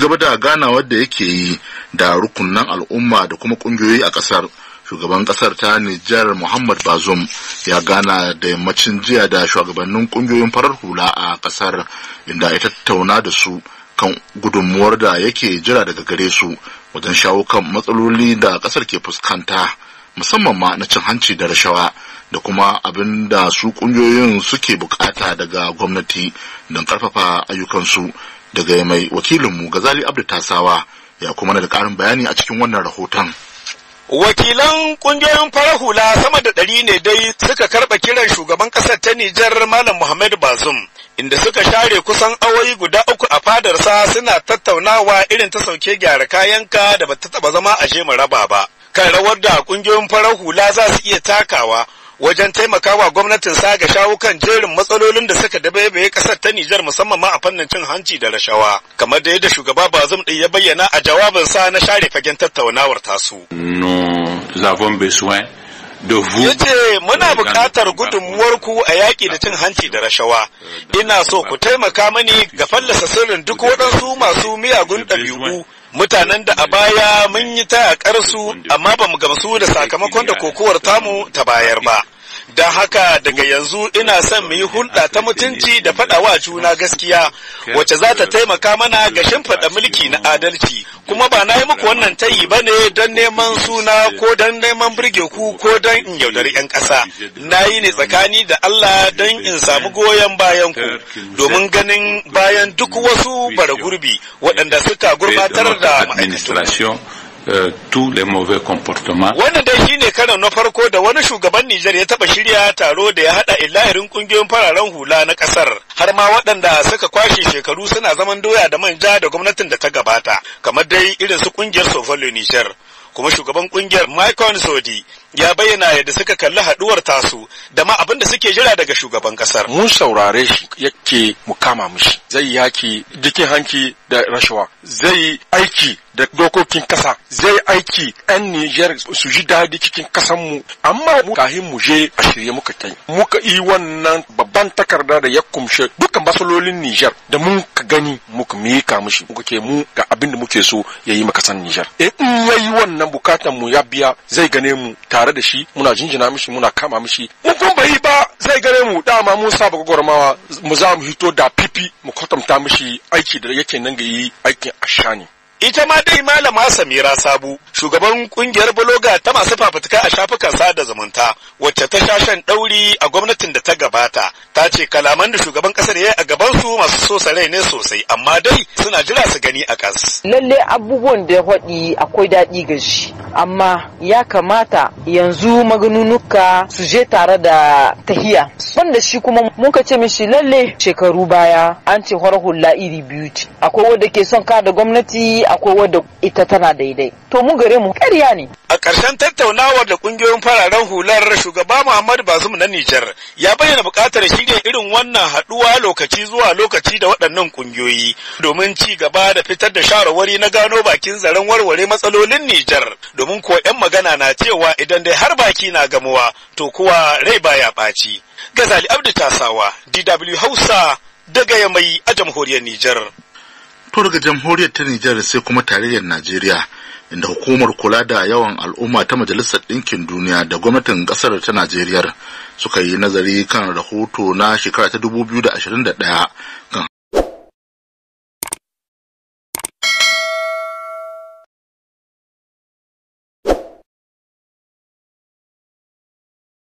gaba da ganawar da yake yi da rukunan al'umma da kuma kungiyoyi a kasar shugaban kasar ta Nijar Muhammad Bazoum ya gana da yammacin jiya da shugabannin kungiyoyin farar hula a kasar inda ya tattauna da su kan gudunmuwar da yake jira daga gare su wajen shawo kan matsaloli da kasar ke fuskanta musamman ma na cin hanci da rashawa da kuma abin da su kungiyoyin suke bukata daga gwamnati don karfafa ayyukansu daga mai wakilinmu gazali abdu tasawa ya kuma da karin bayani a cikin wannan rahoton wakilan kungiyoyin farar hula sama da ɗari ne dai suka karɓa kiran shugaban ƙasar ta nijar malam muhammad bazum inda suka share kusan awoyi guda uku a fadarsa suna tattaunawa irin ta sauke gyara kayanka da bata taba zama a raba ba kan rawar da kungiyoyin farar hula za su iya takawa wajen taimakawa gwamnatin sa ga shawo kan jerin matsalolin da suka dabaibaye kasar ta Nijar musamman ma a fannin cin hanci da rashawa kamar da yadda shugaba Bazum din ya bayyana a sa na share fagen tattaunawar tasu. Nous besoin ya ce muna buƙatar gudunmuwarku a yaƙi da cin hanci da rashawa ina so ku taimaka mani ga fallasa sirrin duk waɗansu masu miyagun ɗabi'u mutanen da a baya mun yi ta su amma ba mu gamsu da sakamakon da kokowar tamu ta bayar ba da haka daga yanzu ina son mu yi hulɗa ta mutunci da faɗawa juna gaskiya wacce za ta taimaka mana ga shimfaɗa mulki na adalci kuma ba na yi muku wannan tayi ba ne don neman suna ko don neman birge ku ko don in yaudari 'yan ƙasa na yi ne tsakani da Allah don in samu goyon bayan ku domin ganin bayan duk wasu bara gurbi waɗanda suka gurbatar da ma'aikatu. Eh, tous les mauvais comportements. Wannan dai shine karon na farko da wani shugaban Nijar ya taba shirya taro da ya hada illahirin kungiyoyin fararen hula na kasar har ma waɗanda suka kwashe shekaru suna zaman doya da manja da gwamnatin da ta gabata kamar dai irin su kungiyar Sofalo Nijar. kuma shugaban kungiyar Michael Sodi ya bayyana yadda suka kalli haduwar tasu da ma abin da suke jira daga shugaban kasar. Mun saurare shi yake mu kama mushi zai yaki dikin hanki da rashawa zai aiki da dokokin kasa zai aiki 'yan Nijar su ji daɗi cikin kasanmu amma mu kahin mu je a shirye muka kai muka yi wannan babban takarda da ya kumshe dukkan basalolin Nijar da mun ka gani muka mika mishi muka ke mu ga abin da muke so ya yi makasan Nijar e in yayi wannan bukatan mu ya biya zai gane mu tare da shi muna jinjina mishi muna kama mishi mun kun bai ba zai gane mu dama mun saba gwagwarmawa mu za mu hito da pipi mu kwatanta mishi aiki da yake nan ga yi aikin ashani Ita ma dai malama Samira Sabu, shugaban kungiyar bloga ta masu fafutuka a shafukan sada zumunta, wacce ta sha shan ɗauri a gwamnatin da ta gabata, ta ce kalaman da shugaban ƙasar ya yi a gabansu masu so sarai ne sosai, amma dai suna jira su gani a kas. Lalle abubuwan da ya faɗi akwai daɗi ga shi, amma ya kamata yanzu maganunuka su je tare da tahiya. Wanda shi kuma muka ce mishi lalle shekaru baya an ce hula iri biyu Akwai wanda ke son kada gwamnati akwai wadda ita tana daidai to mu gare mu ƙarya ne a ƙarshen tattaunawar da ƙungiyoyin fararen hular shugaba Muhammadu Bazum na Nijar ya bayyana buƙatar shirya irin wannan haɗuwa lokaci zuwa lokaci da waɗannan ƙungiyoyi domin ci gaba da fitar da shawarwari na gano bakin zaren warware matsalolin Nijar domin ko 'yan magana na cewa idan dai har baki na gamuwa to kuwa rai baya ɓaci. Gazali Abdu Tasawa, DW Hausa, daga Yamai a jamhuriyar Nijar. to daga jamhuriyar ta Nijar sai kuma tarayyar Najeriya inda hukumar kula da yawan al'umma ta Majalisar Ɗinkin Duniya da gwamnatin ƙasar ta Najeriya suka yi nazari kan rahoto na shekara ta 2021 kan